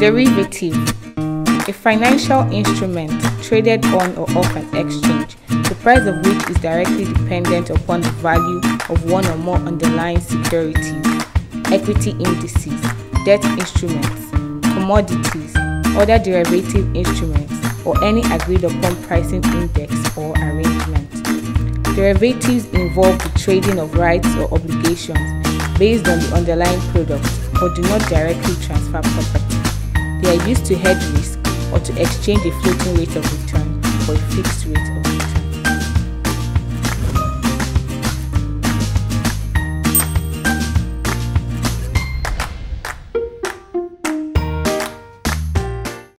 Derivative A financial instrument traded on or off an exchange, the price of which is directly dependent upon the value of one or more underlying securities, equity indices, debt instruments, commodities, other derivative instruments, or any agreed upon pricing index or arrangement. Derivatives involve the trading of rights or obligations based on the underlying product but do not directly transfer property. They are used to hedge risk or to exchange a floating rate of return for a fixed rate of return.